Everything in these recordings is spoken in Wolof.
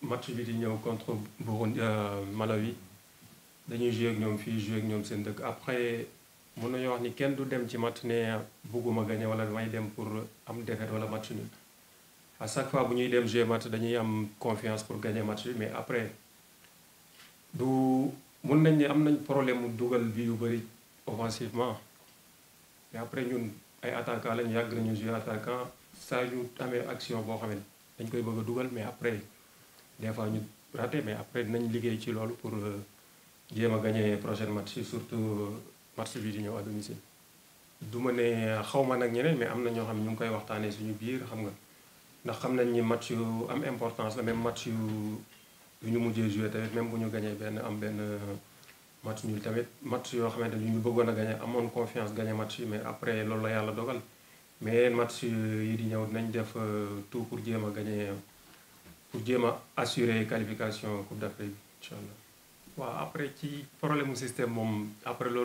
match bi di ñëw contre Burundi euh, Malawi dañuy joué ak ñoom fii joué ak ñoom seen dëkk après mun nañoo wax ni kenn du dem ci match ne bugguma gagné wala damay dem pour am défaite wala match nul à chaque fois bu ñuy dem joué match dañuy am confiance pour gagner match mais après du mun nañ am nañ problème mu dugal bi yu bëri offensivement Et après ñun ay attaquant lañ yàgg nañu joué attaquant saa ñu amee action boo xam ne dañ koy bëgg a dugal mais après des fois ñu raté mais après nañ liggéey ci loolu pour euh, jéem a gagné prochaine match yi surtout euh, match bi di ñëw à domicile. du ma ne xaw ma nag ñeneen mais am na ñoo xam ne ñu ngi koy waxtaanee suñu biir xam nga ndax xam nañ ni match am importance la même match yu yu ñu mujjee joué tamit même bu ñu gagné benn am benn euh, match tamit match yoo xamante ni ñu bëggoon a gagné amoon confiance gagné match yi mais après loolu la yàlla dogal mais match yi di ñëw nañ def tout pour jéem a gagné. pour assurer qualification coupe d'Afrique Inch'Allah. après le problème du système moom après le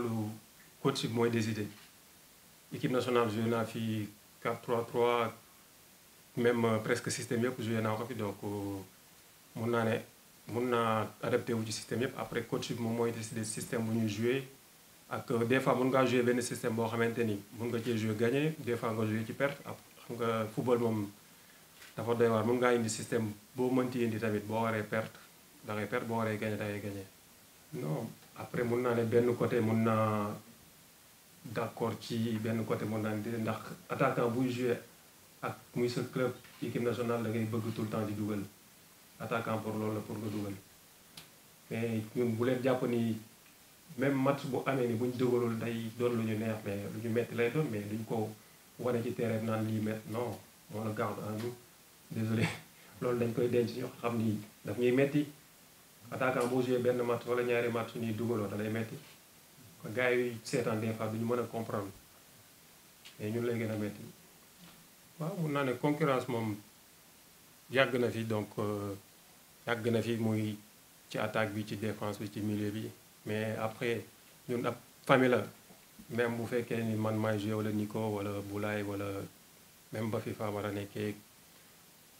coach moi décidé. L'équipe équipe nationale joué en 4-3-3 même euh, presque système yëpp jouer euh, naa en donc on année mon adapté système Après, après coach moi décidé le système bu jouer. joué. ak euh, des fois gars joue avec le système pour maintenir. ni mun nga joué gagné des fois nga joué ci qui football dafa doy waar mën ngaa indi système boo mënti indi tamit boo waree perte da ngay perte boo waree gagné da ngay gagné après mun naa ne benn côté mun naa d' accord ci benn côté mun naa ne ndax attaquant buy joué ak muy sa club équipe nationale da ngay bëgg tout le temps di dugal attaquant pour loolu la pour nga dugal mais bu leen jàpp ni même match bu amee ni bu ñu dugalul day doon lu ñu neex mais lu ñu metti lay doon mais duñ ko wane ci terrain naan lii mett désolé loolu dañ koy denc xam ni daf ñuy metti match comprendre mais ñun lay a metti waaw concurrence na fi donc euh, na fi muy ci attaque bi défense bi ci milieu mais après ñun ab famille même bu fekkee ni man wala Nico wala wala même ba fi Famara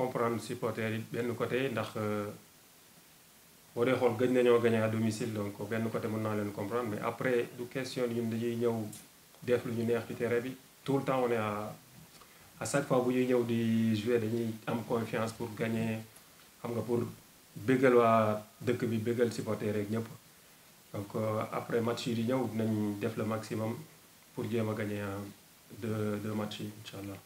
comprendre supporter bien benn côté ndax euh, boo dee xool gëj nañoo gagné à domicile donc benn côté mën naa leen comprendre mais après du question ñun dañuy ñëw def lu ñu neex ci terrain bi tout le temps on est à à chaque fois bu ñuy ñëw di jouer dañuy am confiance pour gagner am nga pour bégal wa dëkk bi bégal supporter rek ñëpp donc euh, après match yi di ñëw dinañ def le maximum pour jéem a gagner de deux matchs yi allah.